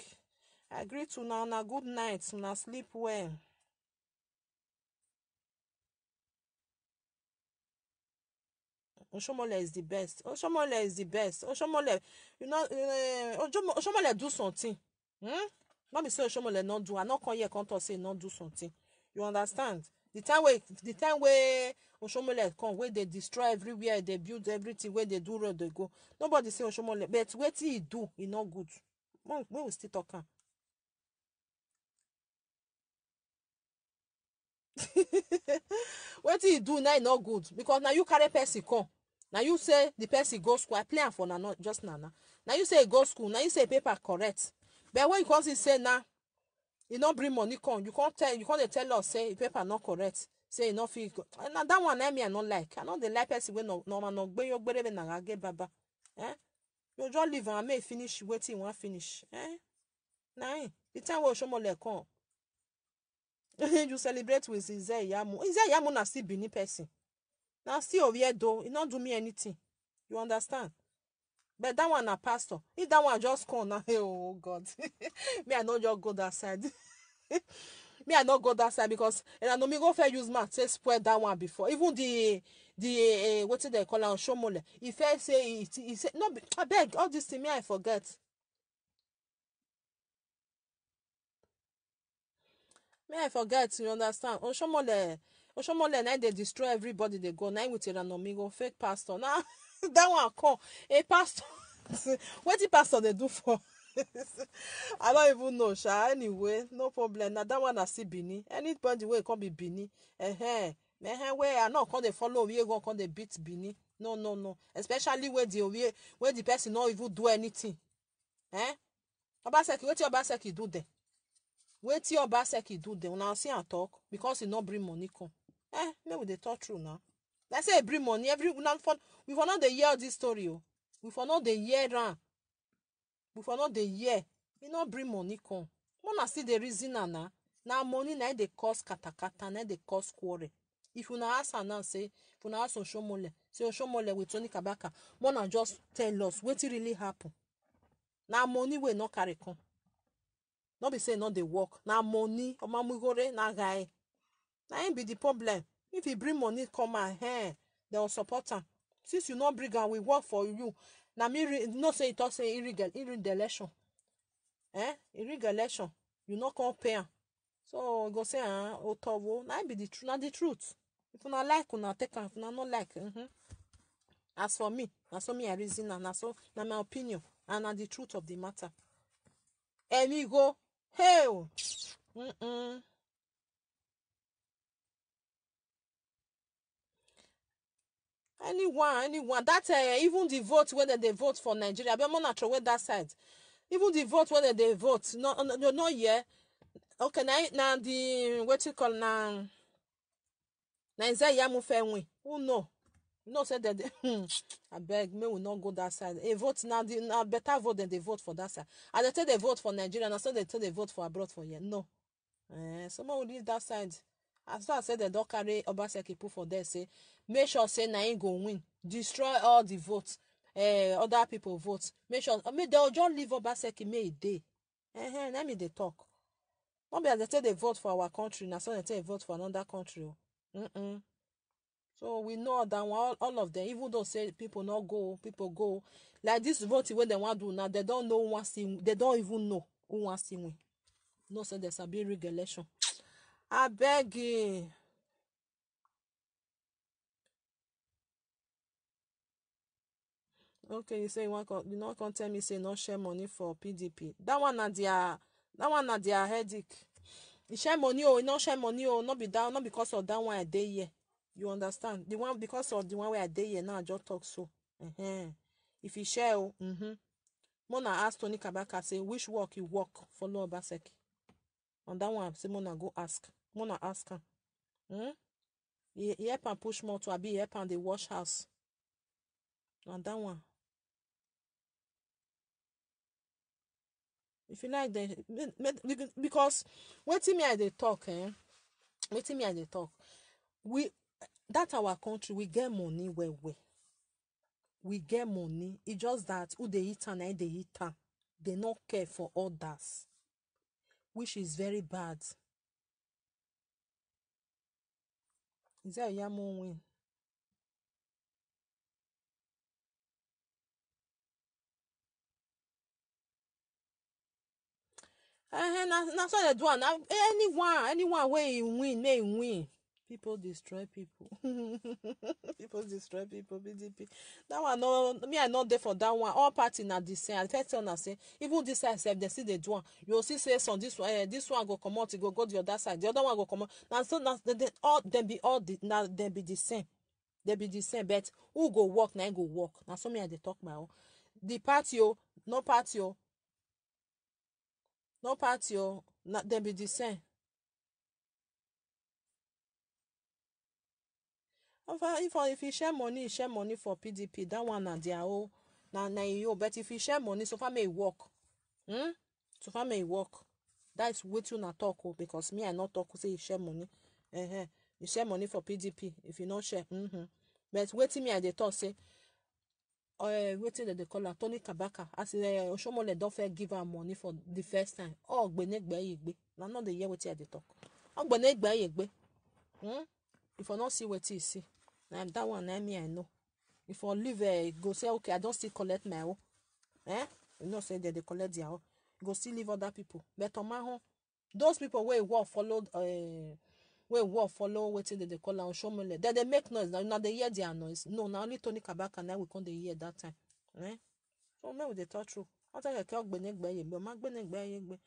S1: I greet una una good night una sleep well. Oshomole is di best Oshomole is di best Oshomole, you know eh, Oshomole do sometin hmm? not be say Oshomole not do I no come here come talk say not do sometin you understand. di time wey the time wey Oshomole come where dey destroy everywhere, dey build everything, where wey dey do road dey go nobody say Oshomole, but wetin e do e not good. Monk, we will still talk. Huh? wetin you do now e no good because na you carry person come na you say the person go school i play am for na just na na na you say e go school na you say e paper correct but when you come see say na e no bring money come you come tell you come dey tell us say e paper no correct say e no fit go na that one na me i no like i no dey like person wey no normal no gbeyo gberebe na age baba eh you just leave am and make finish wetin e finish eh? Nah, the time wey osomole come you celebrate with ize iyamu ize iyamu na still benin person na still though, e not do me anything you understand but that one na pastor if that one just come now, hey, oh god me i not just go that side me i not go that side because know me go fair use mouth take spoil that one before even the the uh, eh, wetin they call am shomole If I say it, he say no I beg. all this to me i forget me i forget you understand oshomole oshomole Now they destroy everybody They go na with iranomigo fake pastor Now that one come a pastor What the pastor they do for i don't even know sha anyway no problem Now that one na still benin anybody wey come be Bini. uh -huh ehen eh, wey i no come dey follow orie go come dey beat benin no no no especially wey the orie wey the person no even do anything eh obaseki wetin obaseki do there wetin obaseki do there una see am talk because e no bring money come eh make we dey talk true na like say e bring money every una for we for no dey hear all this story o oh. we for no dey hear am we for no dey hear e no bring money come una still dey reason am na na money na dey eh, cause katakata na dey eh, cause quarrel If una ask her now, say, if una ask Oshomole, say Oshomole with Tony Kabaka, Mona just tell us wetin really happen. Na money wey e no carry come. No be say e no dey work. Na money, Omamugore, na guy. Na him be the problem. If he bring money come and hey, they will support am. Since you no bring am, we work for you. Na me re, no say it talk say irregular, irregular election. Eh? Irregular election. You no come pay am. So go say ah, uh, Otowo. Na be the truth. Na the truth if una like una take am if una no like mm-hmm. as for me na so me i reason am na so na my opinion and na the truth of the matter ẹ̀mí go hey Mm-mm. anyone anyone that uh, even the vote wey dem dey vote for nigeria abiomo na throway that side even the vote wey dem dey vote no no no hear okay na na the wetin call na Nigeria, him say fair win who know no, know say dem dey hmm abeg make we not go that side a vote now, the na better vote than dey vote for that side as they take dey vote for nigeria na so dem take dey vote for abroad for here no eh so make leave that side as I said, say dem don carry obaseki put for there say make sure say na him go win destroy all the votes eh other people vote make sure make they'll just leave obaseki make e dey eh na eh, me they talk no be as they take dey vote for our country na so dem take dey vote for another country o. Oh. Mm-mm. So we know that all, all of them, even though say people not go, people go. Like this voting wey they want to do now, they don't know who wants they don't even know who wants to win. No, so there's a big regulation. I beg you. Okay, you say you want you not come tell me say not share money for PDP. That one na their that one na their headache. share money oh e no share money oh not be down not because of that one i day here you understand the one because of the one where i day here now i just talk so uh-huh. if e share oh mm-hmm. mona ask tony kabaka say which work you work for Lord obaseki on that one say mona go ask mona ask am hmm? He he help and push motor abi e help am the wash house on that one if you like dem because wetin me i dey talk eh wetin me i dey talk we that our country we get money well well we get money e just that who dey eat am na him e dey eat am dey no care for others which is very bad. Is that a Yamu win? Uh-huh, na so dey do am eh, anyone anyone where you win may win people destroy people people destroy people BDP. that one no me i not there for that one all party na the same i first tell I say even this side sef dem see dey do am you go see say some this one eh this one go comot e go go the other side the other one go comot Now, so na dem all dem be all the na dem be the same dem be the same but who go walk now? go walk. Now, so me i dey talk my own the party o oh, no party o oh, No party, oh, dem them be the same. if if you share money you share money for pdp dat one na their own na na im own but if you share money so far may e work hmm? so far may e work that is wetin una talk o because me i no talk say you share money uh -huh. you share money for pdp if you no share mm -hmm. but wetin me i dey talk say Eh, wetin dem dey call am Tony Kabaka as eh, Oshiomhole don first give am money for the first time Oh, ogbenegbeigbe una no dey hear wetin i dey talk ogbenegbeigbe oh, hmm you for no see wetin you see na that one na me i know If I leave eh, go say okay i don still collect my own eh you know say dem dey collect their own go still leave other people but omahan those people wey e work follow uh, wey work follow wetin dem dey call am osomole dem dey make noise na una dey hear their noise no na only Tony Kabaka na we come dey hear that time eh? so make we dey talk true after keke ogbenegbe yegbe ọma gbenegbe yegbe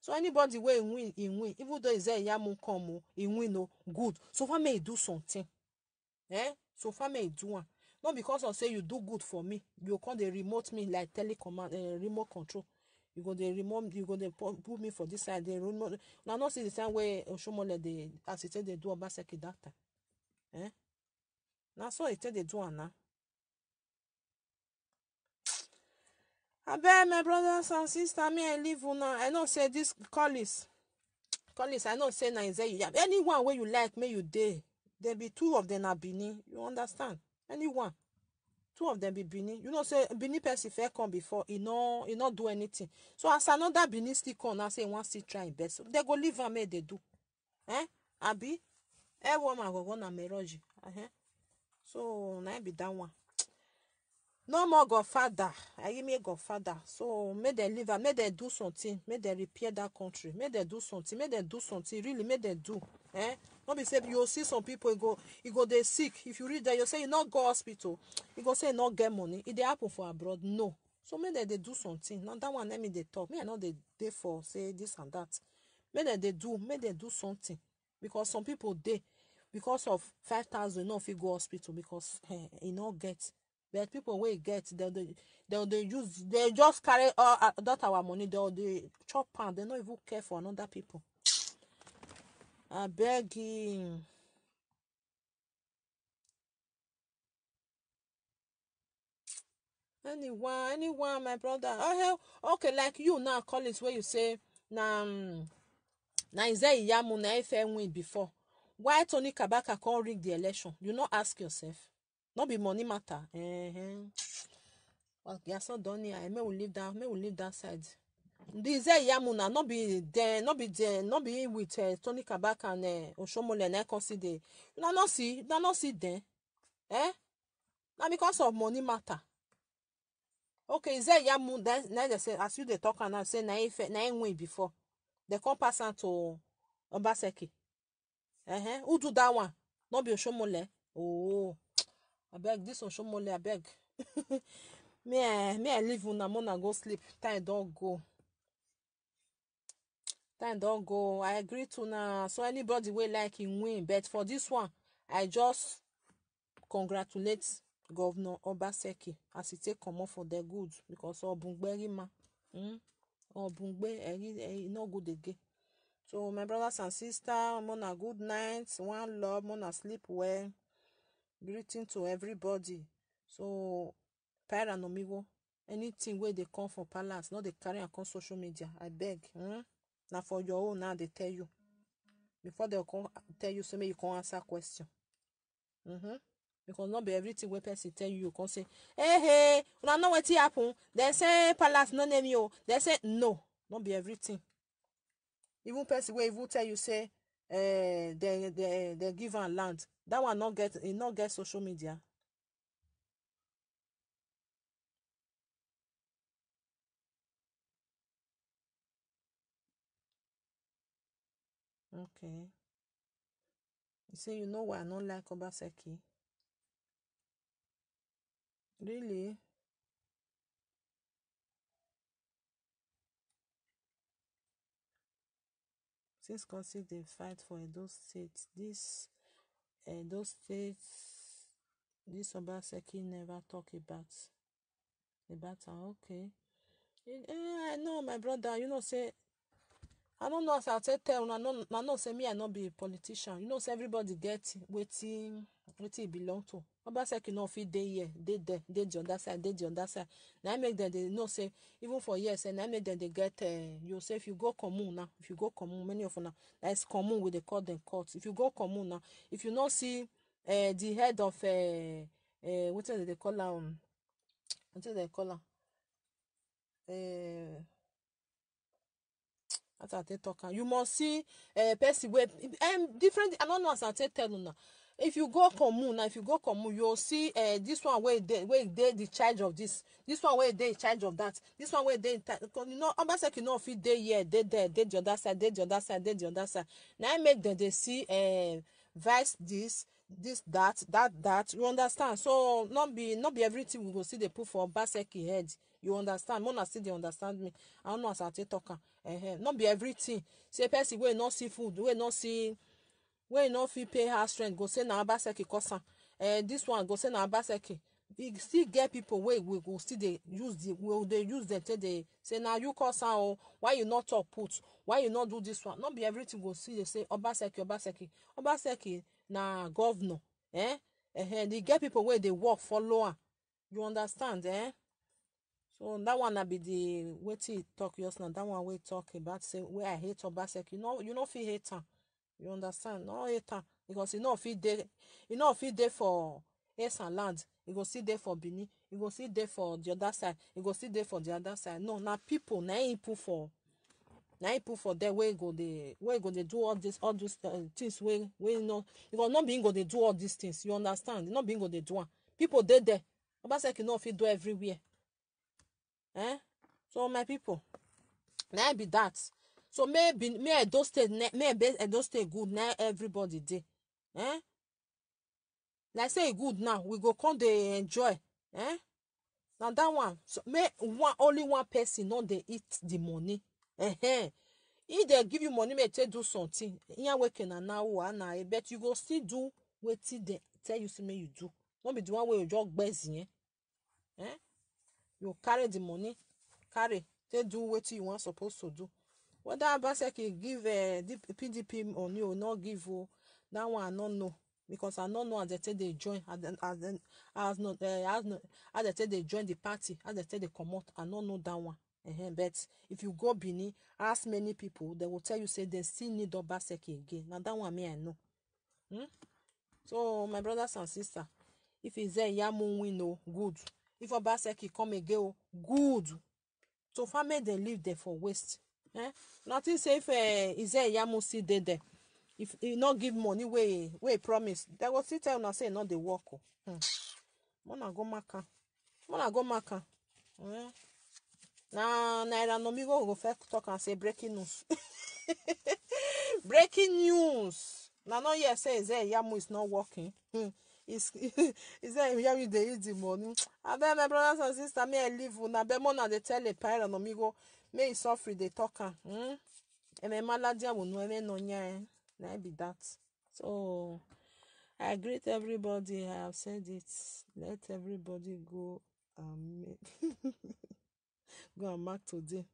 S1: so anybody wey win him win even though ize iyamu come o oh, him win o oh, good so far make e do something eh? so far make e do am Not because of say you do good for me you come dey remote me like telecommand uh, remote control you go dey remove you go dey put me for this side dey remove na no see the time wey osomole dey as e take dey do obaseki dat time eh na so e take dey do am na. abeg my brothers and sisters may i leave una i know say this, colleagues colleagues i know say na You yab anyone wey you like may you dey there be two of them na benin you understand anyone two of them be benin you know say benin person fair come before e no e no do anything so as another benin still come now say e wan still try im best dem go leave am make eh, dem do eh abi air warm agogo na meroji eh so na be that one no more godfather ayime godfather so make dem leave am make dem do something make dem repair that country make dem do something make dem do something really make dem do eh no be say you see some people go e go dey sick if you read that you say e no go hospital e go say e no get money e dey happen for abroad no so make dem dey do something na that one let me dey talk me i no dey dey for say this and that make dem dey do make dem do something because some people dey because of five thousand no fit go hospital because eh, e no get but people wey e get dem dey dem dey use dem just carry all uh, that our money dem dey chop am dem no even care for another people abeg um anyone anyone my brother oh hell okay like you now call where you say na um, na izeyamu na ife win before why tony kabaka can't rig the election you not ask yourself Not be money matter uh eh. -huh. well, yasan doni i may we leave that may we leave that side bize yamuna no be den no be den no be with uh, Tony Kabak and uh, Oshomole na consider na no see una no see den eh na because of money matter okay ze yamu then na they say as you dey talk and I say na ife na win before they come pass am to Obaseki eh uh who -huh. do that one no be Oshomole oh abeg this Oshomole abeg me I, eh, me I leave una mona go sleep time don go time don go i agree to na so anybody wey like him win but for this one i just congratulate Governor obaseki as he take comot for there good ma, hmm, man ogbonge e no good again so my brothers and sisters mona good night one love mona sleep well greeting to everybody so paranomiwo anything wey dey come for palace no dey carry am come social media I beg, hmm na for your own now they tell you before they come tell you say make you come answer question mm-hmm. because not be everything wey person tell you you can say hey hey una know wetin happen They say palace no name you they say no not be everything even person wey will tell you say eh, they they they give am land that one not get e not get social media Okay. You say you know why I don't like Obaseki? Really? Since Kosi dey fight for Edo State, this Edo State, this Obaseki never talk about the battle. Okay. Eh, eh I know my brother, you know say i don't know as i tell. tell una na know say me i no be politician you know say everybody get waiting, waiting e belong to say obaseki no fit dey here dey there dey the other side dey the other side na make them. They know say even for years. And na make them. They get uh, you say if you go commune now if you go commune many of una that is commune with the court. dem court if you go commune now if you not see uh, the head of uh, uh, wetin dem dey call am um, wetin dem dey call am. Uh, as i take talk am you must see uh, person wey um, different i no know as i take tell una if you go commune na if you go commune you go see uh, this one wey dey wey dey the charge of this this one wey dey in charge of that this one wey dey in charge you know obaseki no fit dey here dey there dey the other side dey the other side dey the other side na im make dem dey see uh, vice this this that that that you understand so not be not be everything we go see. dey put for obaseki head you understand mona still dey understand me i don't know as i take talk am uh-huh. not be everything say person wey no see food wey no see wey no fit pay house rent go say na obaseki cause am uh, this one go say na obaseki e still get people wey we go still dey use the we dey use dem take dey say na you cause am o why you no talk put why you no do this one no be everything go still dey say obaseki obaseki obaseki na governor eh and e get pipo wey dey work follow am you understand eh so that one na be the wetin e tok just now dat one wey talk about say wey i hate obaseki you no fit hate am you understand no hate am because e no fit dey e for esan land e go still dey for benin e go still dey for the other side e go still dey for the other side no na people, na he put for na him put for there wey go dey wey go dey do all this all those uh, things wey wey no know because no be him go dey do all these things you understand no be him go dey do am people dey there obaseki no fit do everywhere eh so my people na be that so maybe may edo state may edo state good na everybody dey eh like say e good now we go come dey enjoy eh na that one so may one only one person no dey eat the money e if give you money, you take do something. ya working na hour now. I bet you go still do wetin they tell you say make you do. Don't be the one wey you just busy. Eh? You carry the money, carry. take do wetin you wan suppose to do. Whether Abaseki give uh, PDP on you or not give you, oh, that one I no know. because i no know as dem take dey join as dem as dem as dem eh, take dey join the party as dem take dey comot i no know that one Uh-huh. But if you go Bini, ask many people, they will tell you say they still need obaseki again. Now that one me I know. Hmm? So my brothers and sisters, if it's there, yamu we know oh, good. If obaseki come again, oh, good. So family they live there for waste. Eh? Nothing say if uh, is there yamu see there there. If you not give money way way promise, they will still tell Not say e not the work. Oh. Hmm. Mona go maka. Mona go maka. Eh? Hmm? na naira nomigo go first talk am say breaking news breaking news na no hear say eze yamu is not working hmm. eze yamu dey use the money abeg my brothers and sisters may i leave una abeg na dey tell a pirate nomigo may e suffer dey talk am hmm? ememaladia wonu emenonya eh. na e be that so i greet everybody i have said it let everybody go Amen. make. Go and mark today.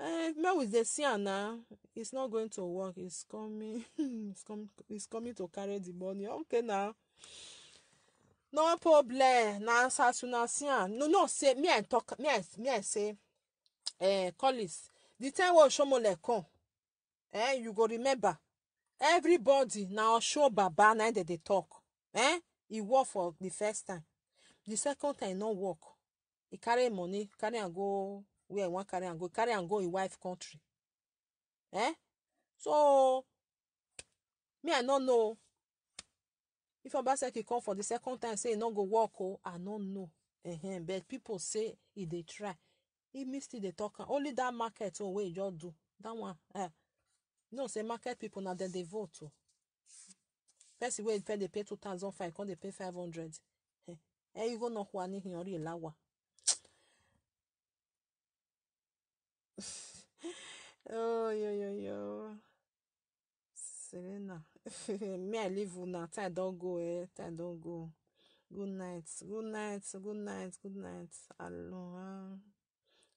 S1: Eh, Mel with the sea now. It's not going to work. It's coming. it's, coming. it's coming to carry the money. Okay now. no problem na answer to na no no say me and talk me and me and say eh colleagues the time was show more come eh you go remember everybody na osho baba na dem dey talk eh e work for the first time the second time no work e carry im money carry am go where e wan carry am go carry am go im wife country eh so me i no know if obaseki come for the second time say e no go work o oh, i no know uh-huh. but people say e dey try e me still dey talk am only that market own wey e just do that one eh know say market people na dem dey vote o oh. person wey first dey pay two thousand five come dey pay five hundred eyigo nokwani hinyori ilawa oh yo yo yo serena me i leave una time don go eh time don go good night good night good night good night aloha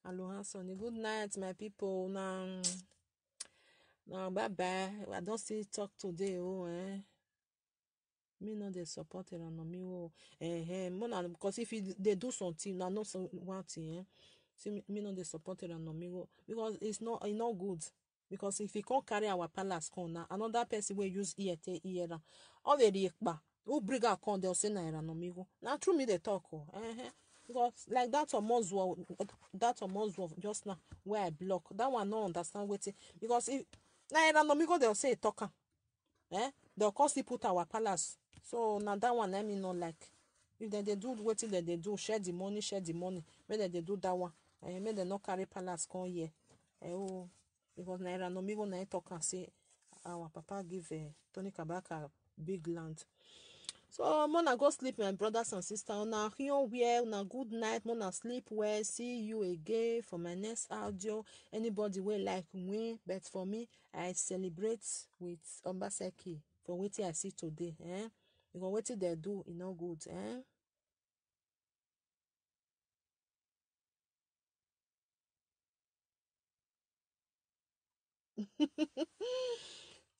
S1: aloha sonny good night my people una na bye bye i don't see talk today oh eh me know they support me, oh eh eh because if you dey do something na no one thing eh see me know they support me, oh because it's not it's e not good because if e can't carry our palace come another person will use ear take ear am ọveri who bring a come dem say oh. na eranomi oh Now, through me they talk oh eh eh because like that omozuo that omozuo just now Where i block that one no understand it. because if Now, na enanomigo dem say e tok am eh dem come still put our palace so na that one na me no like if dem dey do wetin dem dey do share the money share the money make dem dey do that one eh make dem no carry palace come here eh o oh, because na enanomigo na e am say our papa give eh, Tony Kabaka big land so mona go sleep my brothers and sisters una hear well una good night mona sleep well see you again for my next audio anybody wey like win but for me i celebrate with obaseki for wetin i see today eh? because wetin dem do e no good eh?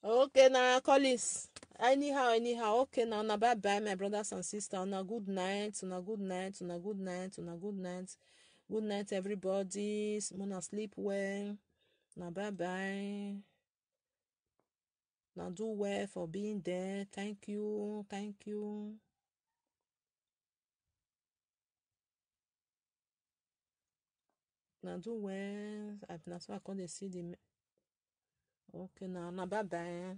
S1: okay na colleagues anyhow anyhow okay now. na bye bye my brothers and sisters una good night una good night una good night una good night good night everybody una sleep well na bye bye na do well for being there thank you thank you. na do well na so i come dey see the okay na na bye bye.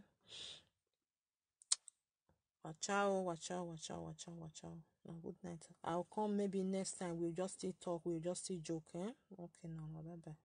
S1: Wachao, wachao, wachao, wachao, wachao. Now, good night. I'll come maybe next time. We'll just still talk. We'll just still joke. Eh? Okay, no, bye bye.